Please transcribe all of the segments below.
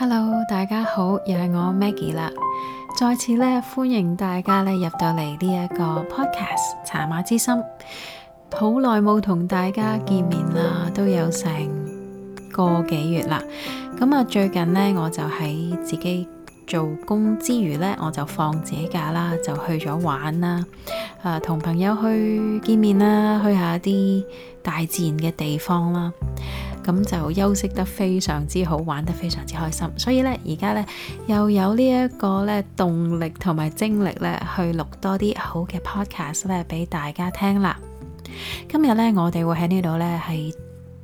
Hello，大家好，又係我 Maggie 啦，再次咧，歡迎大家咧入到嚟呢一個 podcast 茶馬之心，好耐冇同大家見面啦，都有成個幾月啦，咁啊最近呢，我就喺自己做工之餘呢，我就放自己假啦，就去咗玩啦，誒、啊、同朋友去見面啦，去下啲大自然嘅地方啦。咁就休息得非常之好，玩得非常之開心，所以呢，而家呢，又有呢一個呢動力同埋精力呢去錄多啲好嘅 podcast 呢俾大家聽啦。今日呢，我哋會喺呢度呢係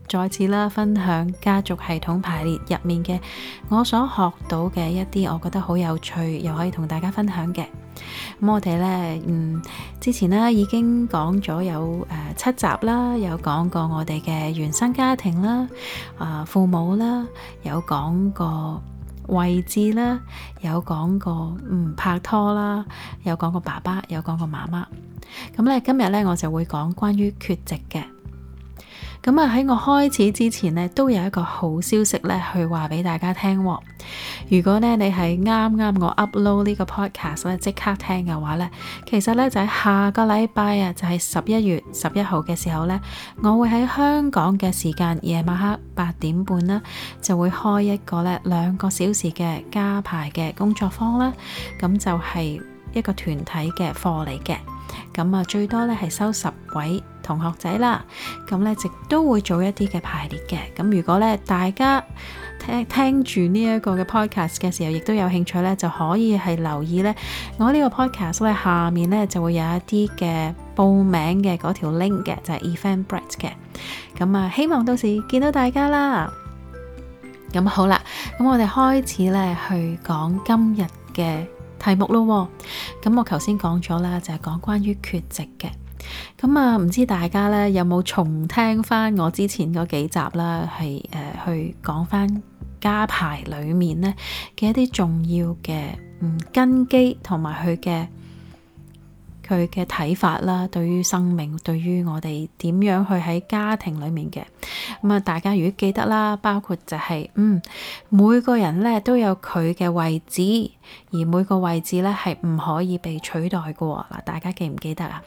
再次啦分享家族系統排列入面嘅我所學到嘅一啲我覺得好有趣又可以同大家分享嘅。咁我哋咧，嗯，之前咧已經講咗有誒、呃、七集啦，有講過我哋嘅原生家庭啦，啊、呃、父母啦，有講過位置啦，有講過嗯拍拖啦，有講過爸爸，有講過媽媽。咁、嗯、咧今日咧，我就會講關於缺席嘅。咁啊喺我開始之前呢，都有一個好消息呢去話俾大家聽喎。如果呢，你係啱啱我 upload 呢個 podcast 呢，即刻聽嘅話呢，其實呢，就喺下個禮拜啊，就係十一月十一號嘅時候呢，我會喺香港嘅時間夜晚黑八點半啦，就會開一個呢兩個小時嘅家排嘅工作坊啦。咁就係一個團體嘅課嚟嘅。咁啊，最多咧係收十位同學仔啦。咁咧亦都會做一啲嘅排列嘅。咁如果咧大家聽聽住呢一個嘅 podcast 嘅時候，亦都有興趣咧，就可以係留意咧我個呢個 podcast 咧下面咧就會有一啲嘅報名嘅嗰條 link 嘅，就係、是、Eventbrite 嘅。咁啊，希望到時見到大家啦。咁好啦，咁我哋開始咧去講今日嘅。題目咯，咁我頭先講咗啦，就係、是、講關於缺席嘅，咁啊唔知大家咧有冇重聽翻我之前嗰幾集啦，係誒、呃、去講翻家排裏面呢嘅一啲重要嘅嗯根基同埋佢嘅。佢嘅睇法啦，對於生命，對於我哋點樣去喺家庭裏面嘅咁啊！大家如果記得啦，包括就係，嗯，每個人咧都有佢嘅位置，而每個位置咧係唔可以被取代㗎喎。嗱，大家記唔記得啊？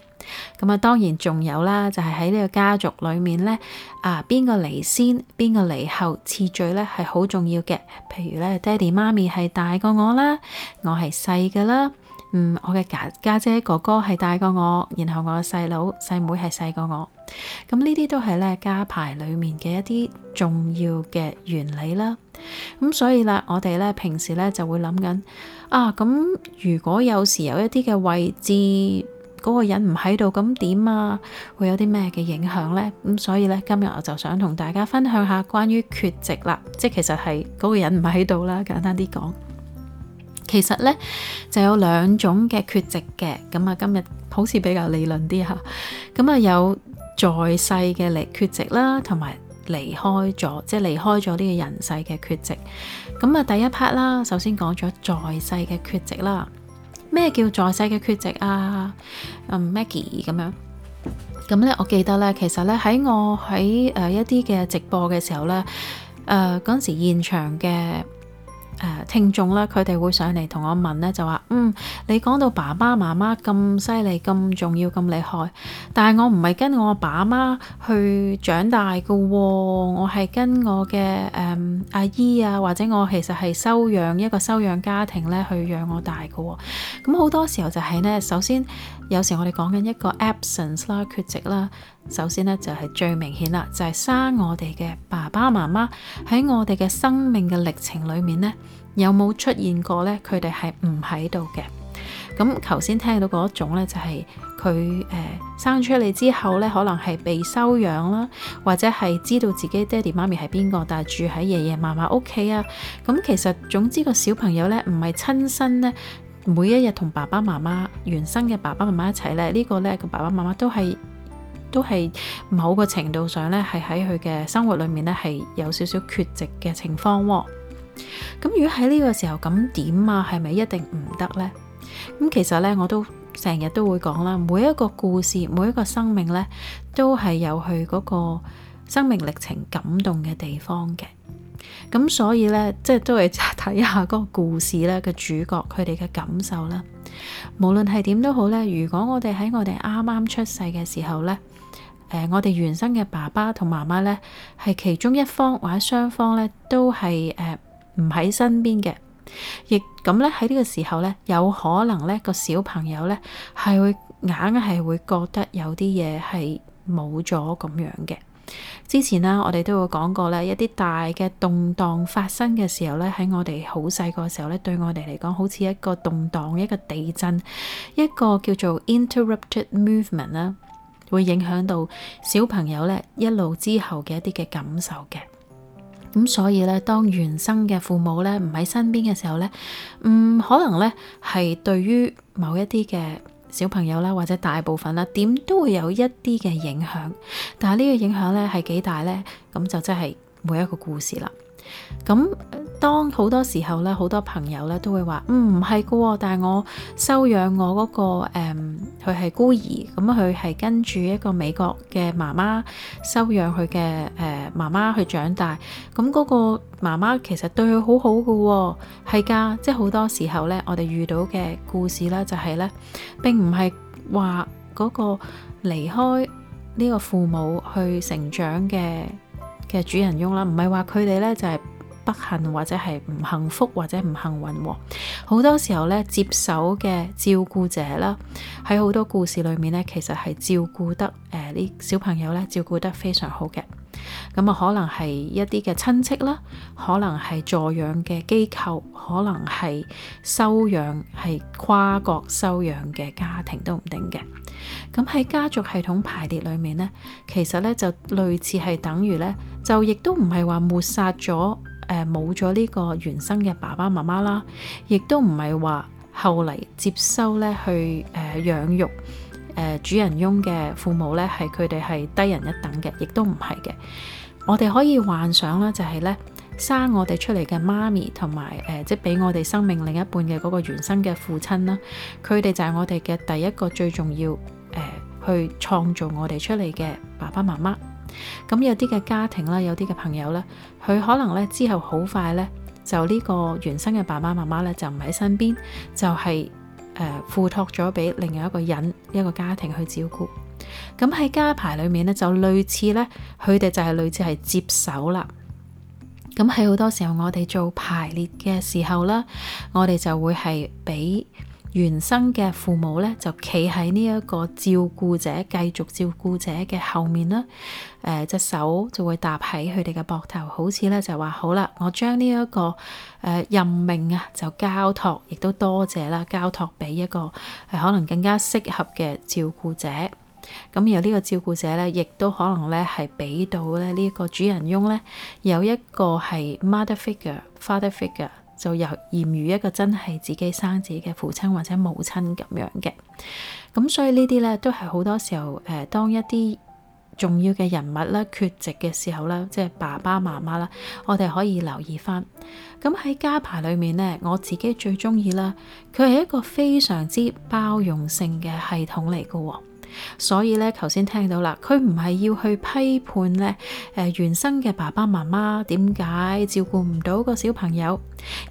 咁啊，當然仲有啦，就係喺呢個家族裏面咧啊，邊個嚟先，邊個嚟後，次序咧係好重要嘅。譬如咧，爹哋媽咪係大過我啦，我係細㗎啦。嗯，我嘅家家姐哥哥係大過我，然後我嘅細佬細妹係細過我，咁、嗯、呢啲都係呢家排裏面嘅一啲重要嘅原理啦。咁、嗯、所以啦，我哋呢平時呢就會諗緊啊，咁、嗯、如果有時有一啲嘅位置嗰、那個人唔喺度，咁點啊？會有啲咩嘅影響呢？嗯，咁所以呢，今日我就想同大家分享下關於缺席啦，即係其實係嗰、那個人唔喺度啦，簡單啲講。其實咧就有兩種嘅缺席嘅，咁啊今日好似比較理論啲嚇，咁、嗯、啊有在世嘅離缺席啦，同埋離開咗，即係離開咗呢個人世嘅缺席。咁、嗯、啊第一 part 啦，首先講咗在世嘅缺席啦。咩叫在世嘅缺席啊、嗯、？Maggie 咁樣。咁、嗯、咧，我記得咧，其實咧喺我喺誒一啲嘅直播嘅時候咧，誒嗰陣時現場嘅。誒、呃、聽眾咧，佢哋會上嚟同我問咧，就話嗯，你講到爸爸媽媽咁犀利、咁重要、咁厲害，但係我唔係跟我阿爸阿媽去長大噶、哦，我係跟我嘅誒、嗯、阿姨啊，或者我其實係收養一個收養家庭咧去養我大噶、哦。咁、嗯、好多時候就係呢，首先有時我哋講緊一個 absence 啦，缺席啦。首先呢，就係最明顯啦，就係、是、生我哋嘅爸爸媽媽喺我哋嘅生命嘅歷程裏面呢，有冇出現過呢？佢哋係唔喺度嘅。咁頭先聽到嗰種呢，就係佢誒生出嚟之後呢，可能係被收養啦，或者係知道自己爹哋媽咪係邊個，但係住喺爺爺嫲嫲屋企啊。咁其實總之個小朋友呢，唔係親身呢，每一日同爸爸媽媽原生嘅爸爸媽媽一齊呢，呢、這個呢，個爸爸媽媽都係。都係某個程度上咧，係喺佢嘅生活裏面咧，係有少少缺席嘅情況啊。咁如果喺呢個時候咁點啊，係咪一定唔得呢？咁其實咧，我都成日都會講啦，每一個故事，每一個生命咧，都係有佢嗰個生命歷程感動嘅地方嘅。咁所以咧，即係都係睇下嗰個故事咧嘅主角，佢哋嘅感受啦。無論係點都好咧，如果我哋喺我哋啱啱出世嘅時候咧。誒、呃，我哋原生嘅爸爸同媽媽呢，係其中一方或者雙方呢，都係誒唔喺身邊嘅。亦咁呢，喺呢個時候呢，有可能呢、呢個小朋友呢，係會硬係會覺得有啲嘢係冇咗咁樣嘅。之前呢，我哋都有講過咧，一啲大嘅動盪發生嘅時候呢，喺我哋好細個時候呢，對我哋嚟講好似一個動盪，一個地震，一個叫做 interrupted movement 啦、啊。會影響到小朋友咧一路之後嘅一啲嘅感受嘅，咁所以咧，當原生嘅父母咧唔喺身邊嘅時候咧，嗯，可能咧係對於某一啲嘅小朋友啦，或者大部分啦，點都會有一啲嘅影響，但係呢個影響咧係幾大咧？咁就真係每一個故事啦，咁。當好多時候咧，好多朋友咧都會話：嗯，唔係噶，但係我收養我嗰、那個佢係、嗯、孤兒，咁佢係跟住一個美國嘅媽媽收養佢嘅誒媽媽去長大。咁、嗯、嗰、那個媽媽其實對佢好好噶、哦，係㗎。即係好多時候咧，我哋遇到嘅故事咧，就係、是、咧並唔係話嗰個離開呢個父母去成長嘅嘅主人翁啦，唔係話佢哋咧就係、是。不幸，或者係唔幸福，或者唔幸運哦，好多時候呢，接手嘅照顧者啦，喺好多故事裏面呢，其實係照顧得誒呢、呃、小朋友呢照顧得非常好嘅。咁、嗯、啊，可能係一啲嘅親戚啦，可能係助養嘅機構，可能係收養，係跨國收養嘅家庭都唔定嘅。咁、嗯、喺家族系統排列裏面呢，其實呢就類似係等於呢，就亦都唔係話抹殺咗。誒冇咗呢個原生嘅爸爸媽媽啦，亦都唔係話後嚟接收咧去誒養育誒主人翁嘅父母咧，係佢哋係低人一等嘅，亦都唔係嘅。我哋可以幻想啦，就係咧生我哋出嚟嘅媽咪同埋誒，即係俾我哋生命另一半嘅嗰個原生嘅父親啦，佢哋就係我哋嘅第一個最重要誒，去創造我哋出嚟嘅爸爸媽媽。咁有啲嘅家庭啦，有啲嘅朋友咧，佢可能咧之後好快咧，就呢個原生嘅爸爸媽媽咧就唔喺身邊，就係誒附託咗俾另外一個人一個家庭去照顧。咁喺家排裏面咧，就類似咧，佢哋就係類似係接手啦。咁喺好多時候我哋做排列嘅時候啦，我哋就會係俾。原生嘅父母咧就企喺呢一個照顧者繼續照顧者嘅後面啦，誒、呃、隻手就會搭喺佢哋嘅膊頭，好似咧就話好啦，我將呢一個誒、呃、任命啊就交託，亦都多謝啦，交託俾一個誒、呃、可能更加適合嘅照顧者。咁由呢個照顧者咧，亦都可能咧係俾到咧呢、這個主人翁咧有一個係 mother figure、father figure。就猶如一個真係自己生自己嘅父親或者母親咁樣嘅，咁所以呢啲呢，都係好多時候誒、呃，當一啲重要嘅人物咧缺席嘅時候咧，即係爸爸媽媽啦，我哋可以留意翻。咁喺家排裏面呢，我自己最鍾意啦，佢係一個非常之包容性嘅系統嚟噶、哦。所以咧，頭先聽到啦，佢唔係要去批判呢，誒、呃，原生嘅爸爸媽媽點解照顧唔到個小朋友，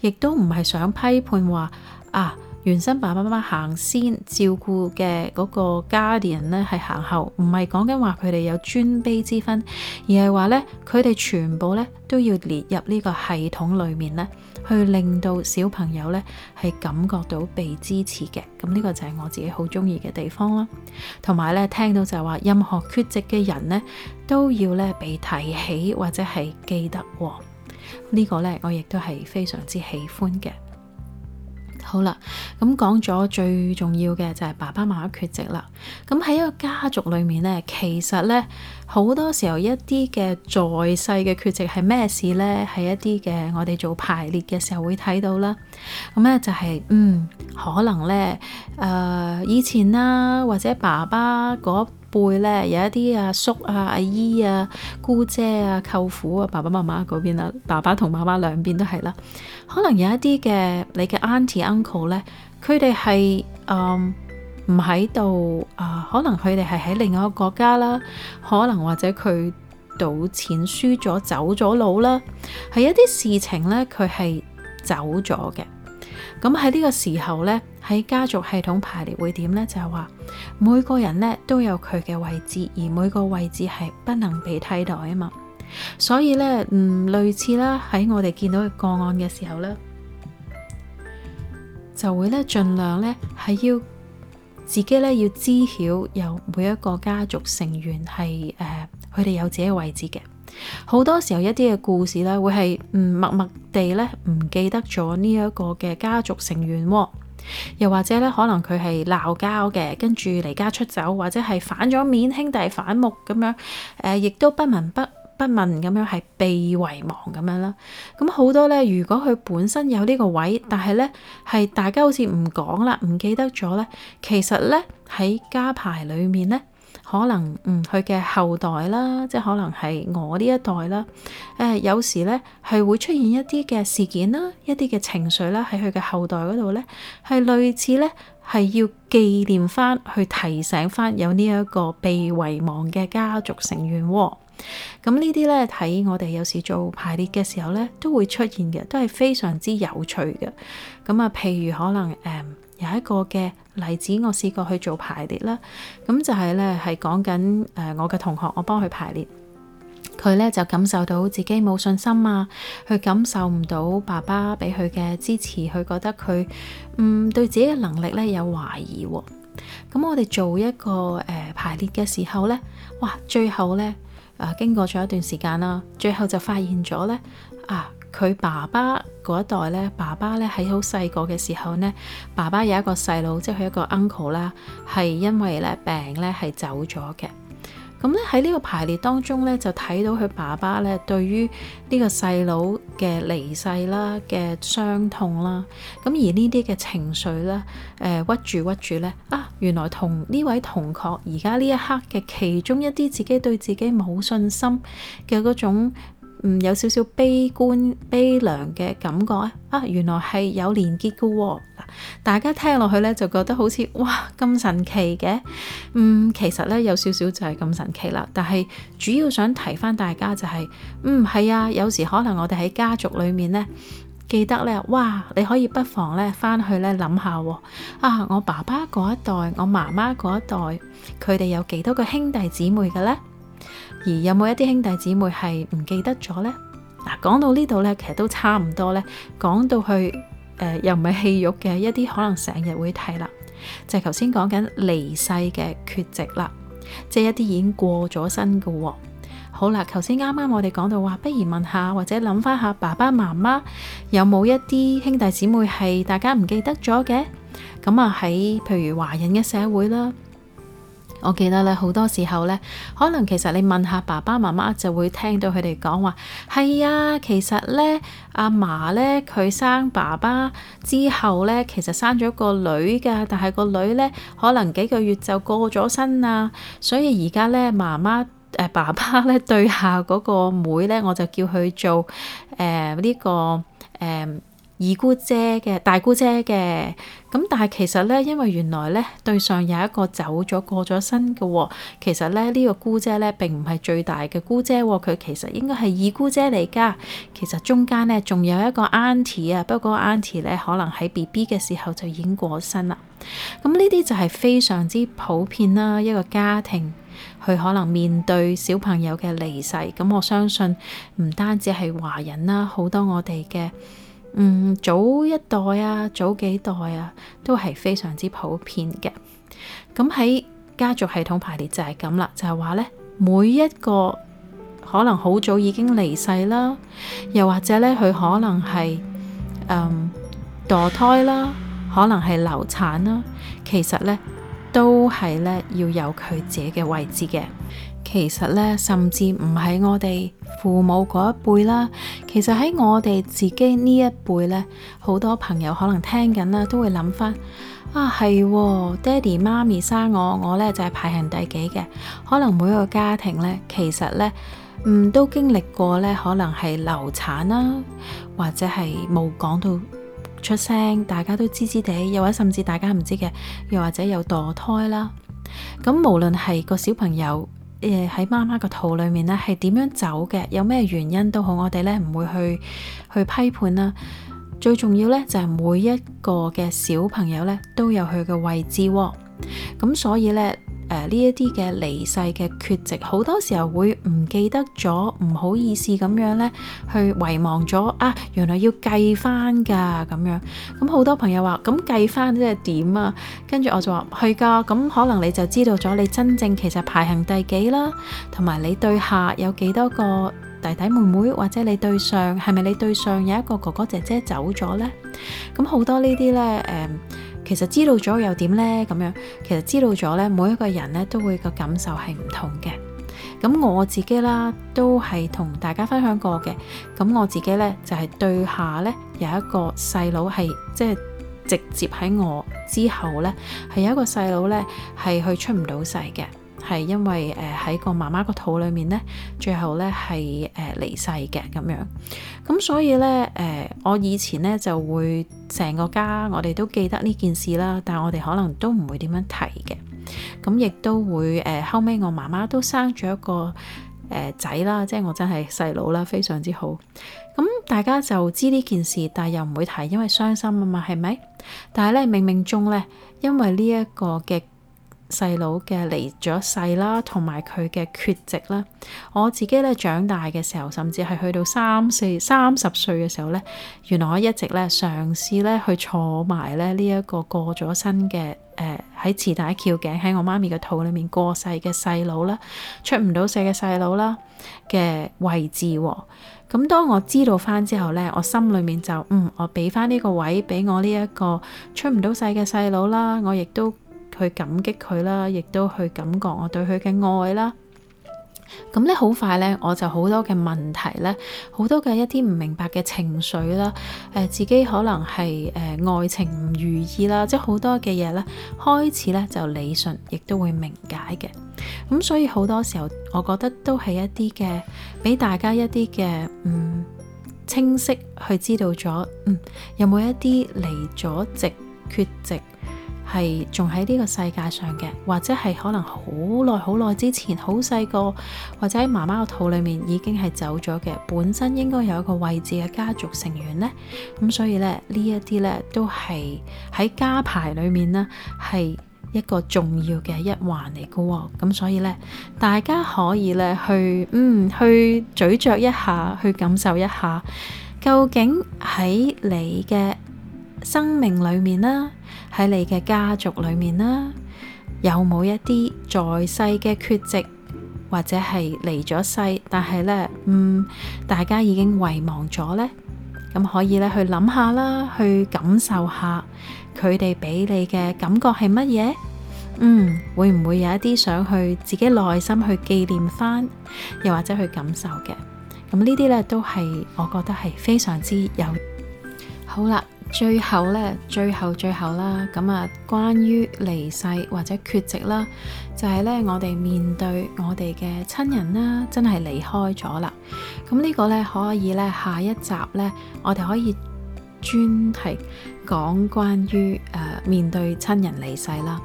亦都唔係想批判話啊。原生爸爸媽媽行先照顧嘅嗰個 guardian 咧，係行後，唔係講緊話佢哋有尊卑之分，而係話呢，佢哋全部呢都要列入呢個系統裡面呢，去令到小朋友呢係感覺到被支持嘅。咁呢個就係我自己好中意嘅地方啦。同埋呢，聽到就係話，任何缺席嘅人呢都要呢被提起或者係記得喎。呢個呢，我亦都係非常之喜歡嘅。好啦，咁講咗最重要嘅就係爸爸媽媽缺席啦。咁喺一個家族裡面咧，其實咧好多時候一啲嘅在世嘅缺席係咩事咧？係一啲嘅我哋做排列嘅時候會睇到啦。咁咧就係、是、嗯，可能咧誒、呃，以前啦，或者爸爸嗰。會咧有一啲阿、啊、叔啊、阿姨啊、姑姐啊、舅父啊、爸爸媽媽嗰邊啦、啊，爸爸同媽媽兩邊都係啦。可能有一啲嘅你嘅 aunt uncle 咧，佢哋係唔喺度啊，可能佢哋係喺另一個國家啦，可能或者佢賭錢輸咗走咗佬啦，係一啲事情呢，佢係走咗嘅。咁喺呢個時候呢，喺家族系統排列會點呢？就係話，每個人呢都有佢嘅位置，而每個位置係不能被替代啊嘛。所以呢，嗯，類似啦，喺我哋見到個案嘅時候呢，就會呢盡量呢係要自己呢要知曉有每一個家族成員係誒，佢哋有自己嘅位置嘅。好多時候一啲嘅故事咧，會係嗯默默地咧唔記得咗呢一個嘅家族成員喎、哦，又或者咧可能佢係鬧交嘅，跟住離家出走，或者係反咗面，兄弟反目咁樣，誒、呃，亦都不聞不不問咁樣係被遺忘咁樣啦。咁好多咧，如果佢本身有呢個位，但係咧係大家好似唔講啦，唔記得咗咧，其實咧喺家排裏面咧。可能嗯，佢嘅後代啦，即係可能係我呢一代啦。誒、呃，有時咧係會出現一啲嘅事件啦，一啲嘅情緒啦，喺佢嘅後代嗰度咧，係類似咧係要紀念返，去提醒返有呢一個被遺忘嘅家族成員喎。咁、呃、呢啲咧喺我哋有時做排列嘅時候咧，都會出現嘅，都係非常之有趣嘅。咁、呃、啊，譬如可能誒。呃有一個嘅例子，我試過去做排列啦。咁就係呢，係講緊誒我嘅同學，我幫佢排列，佢呢就感受到自己冇信心啊，佢感受唔到爸爸俾佢嘅支持，佢覺得佢唔、嗯、對自己嘅能力呢有懷疑、啊。咁我哋做一個誒、呃、排列嘅時候呢，哇！最後呢，啊、呃，經過咗一段時間啦、啊，最後就發現咗呢。啊。佢爸爸嗰一代咧，爸爸咧喺好細個嘅時候呢，爸爸有一個細佬，即係佢一個 uncle 啦，係因為咧病咧係走咗嘅。咁咧喺呢個排列當中咧，就睇到佢爸爸咧對於呢個細佬嘅離世啦嘅傷痛啦，咁而呢啲嘅情緒咧，誒、呃、屈住屈住咧，啊原來同呢位同學而家呢一刻嘅其中一啲自己對自己冇信心嘅嗰種。嗯，有少少悲觀、悲涼嘅感覺咧。啊，原來係有連結嘅喎。大家聽落去呢，就覺得好似哇咁神奇嘅。嗯，其實呢，有少少就係咁神奇啦。但係主要想提翻大家就係，嗯係啊，有時可能我哋喺家族裏面呢，記得呢：哇，你可以不妨呢翻去呢諗下喎。啊，我爸爸嗰一代，我媽媽嗰一代，佢哋有幾多個兄弟姊妹嘅呢？而有冇一啲兄弟姊妹係唔記得咗呢？嗱，講到呢度呢，其實都差唔多呢，講到去誒、呃，又唔係戲肉嘅一啲，可能成日會睇啦。就係頭先講緊離世嘅缺席啦，即係一啲已經過咗身嘅喎、哦。好啦，頭先啱啱我哋講到話，不如問下或者諗翻下爸爸媽媽有冇一啲兄弟姊妹係大家唔記得咗嘅？咁啊喺譬如華人嘅社會啦。我記得咧，好多時候咧，可能其實你問下爸爸媽媽就會聽到佢哋講話係啊。其實咧，阿嫲咧佢生爸爸之後咧，其實生咗個女㗎，但係個女咧可能幾個月就過咗身啦，所以而家咧媽媽誒爸爸咧對下嗰個妹咧，我就叫佢做誒呢、呃呢個誒。呃二姑姐嘅大姑姐嘅，咁，但係其實呢，因為原來呢，對上有一個走咗過咗身嘅、哦，其實呢，呢、這個姑姐呢，並唔係最大嘅姑姐、哦，佢其實應該係二姑姐嚟噶。其實中間呢，仲有一個 auntie 啊，不過 auntie 呢，可能喺 BB 嘅時候就已經過身啦。咁呢啲就係非常之普遍啦。一個家庭佢可能面對小朋友嘅離世，咁、嗯、我相信唔單止係華人啦，好多我哋嘅。嗯，早一代啊，早幾代啊，都係非常之普遍嘅。咁喺家族系統排列就係咁啦，就係話呢，每一個可能好早已經離世啦，又或者呢，佢可能係嗯墮胎啦，可能係流產啦，其實呢，都係呢，要有佢自己嘅位置嘅。其實咧，甚至唔係我哋父母嗰一輩啦。其實喺我哋自己呢一輩呢，好多朋友可能聽緊啦，都會諗翻啊，係、哦、爹哋媽咪生我，我呢就係、是、排行第幾嘅。可能每一個家庭呢，其實呢，嗯，都經歷過呢，可能係流產啦，或者係冇講到出聲，大家都知知地，又或者甚至大家唔知嘅，又或者有墮胎啦。咁無論係個小朋友。誒喺媽媽個肚裏面咧，係點樣走嘅？有咩原因都好，我哋咧唔會去去批判啦。最重要咧，就係、是、每一個嘅小朋友咧，都有佢嘅位置喎、哦。咁所以咧。誒呢一啲嘅離世嘅缺席，好多時候會唔記得咗，唔好意思咁樣呢，去遺忘咗啊！原來要計翻㗎咁樣，咁、嗯、好多朋友話：咁計翻即係點啊？跟住我就話：去㗎，咁、嗯、可能你就知道咗你真正其實排行第幾啦，同埋你對下有幾多個弟弟妹妹，或者你對上係咪你對上有一個哥哥姐姐走咗呢？咁、嗯、好多呢啲呢。誒、呃。其實知道咗又點呢？咁樣，其實知道咗呢，每一個人呢都會個感受係唔同嘅。咁我自己啦，都係同大家分享過嘅。咁我自己呢，就係、是、對下呢，有一個細佬係即係直接喺我之後呢，係有一個細佬呢，係去出唔到世嘅。係因為誒喺、呃、個媽媽個肚裏面呢，最後呢係誒、呃、離世嘅咁樣，咁所以呢，誒、呃、我以前呢就會成個家我哋都記得呢件事啦，但係我哋可能都唔會點樣提嘅，咁亦都會誒、呃、後尾我媽媽都生咗一個誒、呃、仔啦，即係我真係細佬啦，非常之好，咁大家就知呢件事，但係又唔會提，因為傷心啊嘛，係咪？但係咧冥冥中呢，因為呢一個嘅。細佬嘅離咗世啦，同埋佢嘅缺席啦。我自己咧長大嘅時候，甚至係去到三四三十歲嘅時候呢，原來我一直咧嘗試咧去坐埋咧呢一個過咗身嘅誒喺臍帶翹頸喺我媽咪嘅肚裡面過世嘅細佬啦，出唔到世嘅細佬啦嘅位置喎、哦。咁當我知道翻之後呢，我心裡面就嗯，我俾翻呢個位俾我呢一個出唔到世嘅細佬啦，我亦都。去感激佢啦，亦都去感覺我對佢嘅愛啦。咁咧好快咧，我就好多嘅問題咧，好多嘅一啲唔明白嘅情緒啦。誒、呃，自己可能係誒、呃、愛情唔如意啦，即係好多嘅嘢咧，開始咧就理順亦都會明解嘅。咁所以好多時候，我覺得都係一啲嘅，俾大家一啲嘅嗯清晰去知道咗，嗯有冇一啲離咗席缺席，係仲喺呢個世界上嘅，或者係可能好耐好耐之前好細個，或者喺媽媽個肚裏面已經係走咗嘅，本身應該有一個位置嘅家族成員呢。咁所以呢，呢一啲呢都係喺家排裏面呢，係一個重要嘅一環嚟㗎，哦。咁所以呢，大家可以呢去嗯去咀嚼一下，去感受一下，究竟喺你嘅生命裏面啦。喺你嘅家族裏面啦，有冇一啲在世嘅缺席，或者係離咗世，但係呢，嗯，大家已經遺忘咗呢？咁可以咧去諗下啦，去感受下佢哋俾你嘅感覺係乜嘢？嗯，會唔會有一啲想去自己內心去紀念翻，又或者去感受嘅？咁呢啲呢，都係我覺得係非常之有好啦。最後咧，最後最後啦，咁啊，關於離世或者缺席啦，就係咧，我哋面對我哋嘅親人啦，真係離開咗啦。咁呢個咧可以咧下一集咧，呃，我哋可以專係講關於誒面對親人離世啦。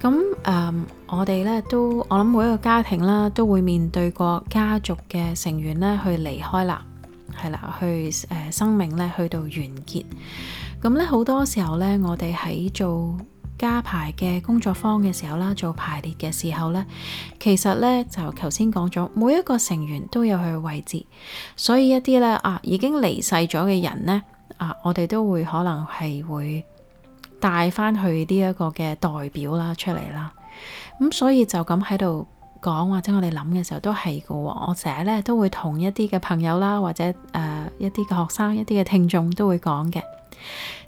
咁誒，我哋咧都，我諗每一個家庭啦，都會面對過家族嘅成員咧去離開啦。係啦，去誒、呃、生命咧去到完結，咁咧好多時候咧，我哋喺做加排嘅工作坊嘅時候啦，做排列嘅時候咧，其實咧就頭先講咗，每一個成員都有佢嘅位置，所以一啲咧啊，已經離世咗嘅人咧啊，我哋都會可能係會帶翻去呢一個嘅代表啦出嚟啦，咁、嗯、所以就咁喺度。講或者我哋諗嘅時候都係㗎喎，我成日咧都會同一啲嘅朋友啦，或者誒、呃、一啲嘅學生、一啲嘅聽眾都會講嘅，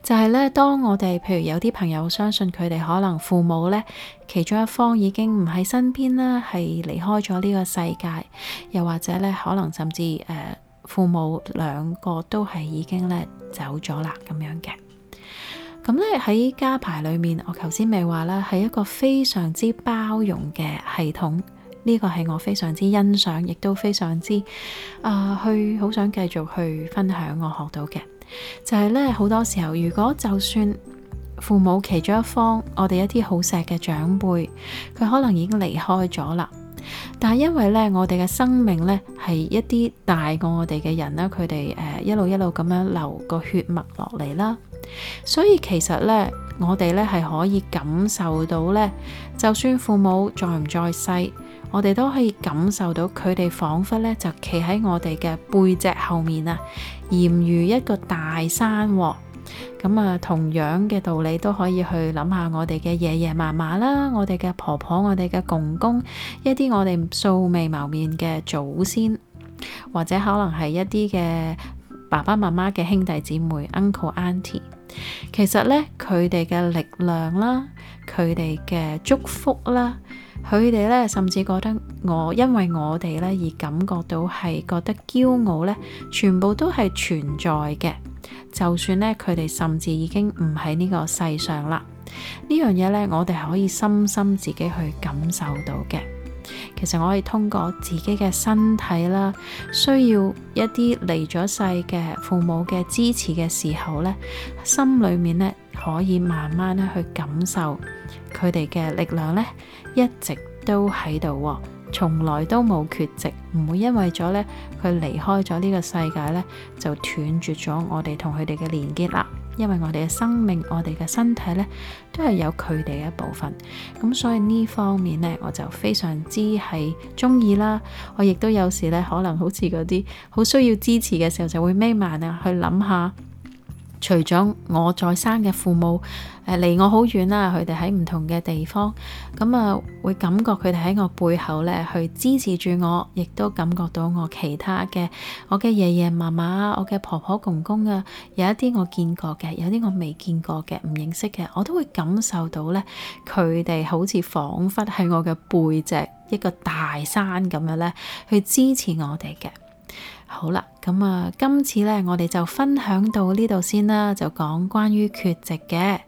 就係、是、咧當我哋譬如有啲朋友相信佢哋可能父母咧其中一方已經唔喺身邊啦，係離開咗呢個世界，又或者咧可能甚至誒、呃、父母兩個都係已經咧走咗啦咁樣嘅。咁咧喺家排裏面，我頭先咪話咧係一個非常之包容嘅系統。呢個係我非常之欣賞，亦都非常之啊、呃，去好想繼續去分享我學到嘅就係呢。好多時候，如果就算父母其中一方，我哋一啲好錫嘅長輩，佢可能已經離開咗啦，但係因為呢，我哋嘅生命呢，係一啲大過我哋嘅人呢，佢哋誒一路一路咁樣流個血脈落嚟啦，所以其實呢，我哋呢係可以感受到呢，就算父母在唔在世。我哋都可以感受到佢哋仿佛咧就企喺我哋嘅背脊後面啊，儼如一個大山。咁啊，同樣嘅道理都可以去諗下我哋嘅爺爺嫲嫲啦，我哋嘅婆婆，我哋嘅公公，一啲我哋素未謀面嘅祖先，或者可能係一啲嘅爸爸媽媽嘅兄弟姊妹 uncle auntie。其實呢，佢哋嘅力量啦，佢哋嘅祝福啦。佢哋咧，甚至覺得我因為我哋咧而感覺到係覺得驕傲咧，全部都係存在嘅。就算咧，佢哋甚至已經唔喺呢個世上啦，呢樣嘢咧，我哋可以深深自己去感受到嘅。其實我係通過自己嘅身體啦，需要一啲離咗世嘅父母嘅支持嘅時候咧，心裡面咧。可以慢慢咧去感受佢哋嘅力量咧，一直都喺度，從來都冇缺席，唔會因為咗咧佢離開咗呢個世界咧，就斷絕咗我哋同佢哋嘅連接啦。因為我哋嘅生命，我哋嘅身體咧，都係有佢哋嘅一部分。咁所以呢方面咧，我就非常之係中意啦。我亦都有時咧，可能好似嗰啲好需要支持嘅時候，就會眯埋啊去諗下。除咗我在生嘅父母，誒、啊、離我好遠啦，佢哋喺唔同嘅地方，咁啊會感覺佢哋喺我背後呢去支持住我，亦都感覺到我其他嘅，我嘅爺爺嫲嫲、我嘅婆婆公公啊，有一啲我見過嘅，有啲我未見過嘅唔認識嘅，我都會感受到呢。佢哋好似彷彿係我嘅背脊一個大山咁樣呢去支持我哋嘅。好啦，咁、嗯、啊，今次呢，我哋就分享到呢度先啦，就講關於缺席嘅。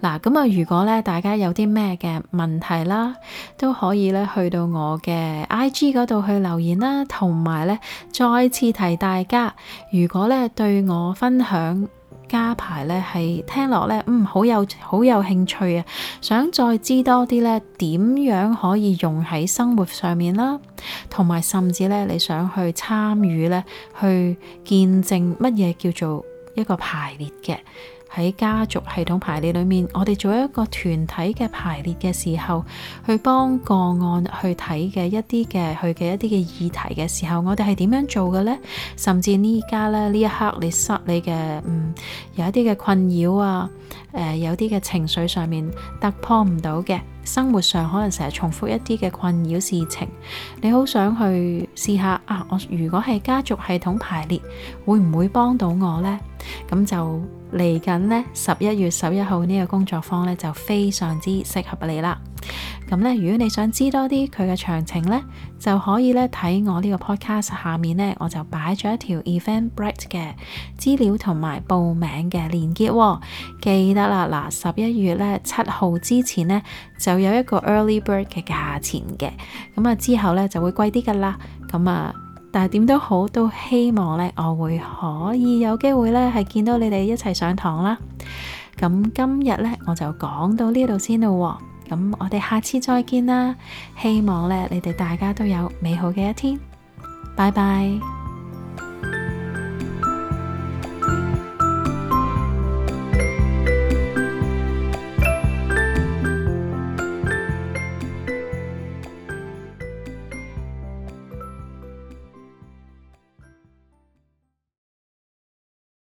嗱、啊，咁、嗯、啊，如果咧大家有啲咩嘅問題啦，都可以咧去到我嘅 IG 嗰度去留言啦，同埋咧再次提大家，如果咧對我分享。家排咧，係聽落咧，嗯，好有好有興趣啊！想再知多啲咧，點樣可以用喺生活上面啦、啊，同埋甚至咧，你想去參與咧，去見證乜嘢叫做一個排列嘅。喺家族系統排列裏面，我哋做一個團體嘅排列嘅時候，去幫個案去睇嘅一啲嘅佢嘅一啲嘅議題嘅時候，我哋係點樣做嘅呢？甚至呢家咧，呢一刻你失你嘅，嗯有一啲嘅困擾啊，誒、呃、有啲嘅情緒上面突破唔到嘅，生活上可能成日重複一啲嘅困擾事情，你好想去試下啊。我如果係家族系統排列，會唔會幫到我呢？咁就。嚟緊呢十一月十一號呢個工作坊呢，就非常之適合你啦。咁呢，如果你想知多啲佢嘅詳情呢，就可以呢睇我呢個 podcast 下面呢，我就擺咗一條 Eventbrite 嘅資料同埋報名嘅連結，哦。記得啦嗱，十一月呢七號之前呢，就有一個 early bird 嘅價錢嘅，咁啊之後呢，就會貴啲噶啦，咁啊。但係點都好，都希望呢，我會可以有機會呢係見到你哋一齊上堂啦。咁今日呢，我就講到呢度先啦。咁我哋下次再見啦。希望呢你哋大家都有美好嘅一天。拜拜。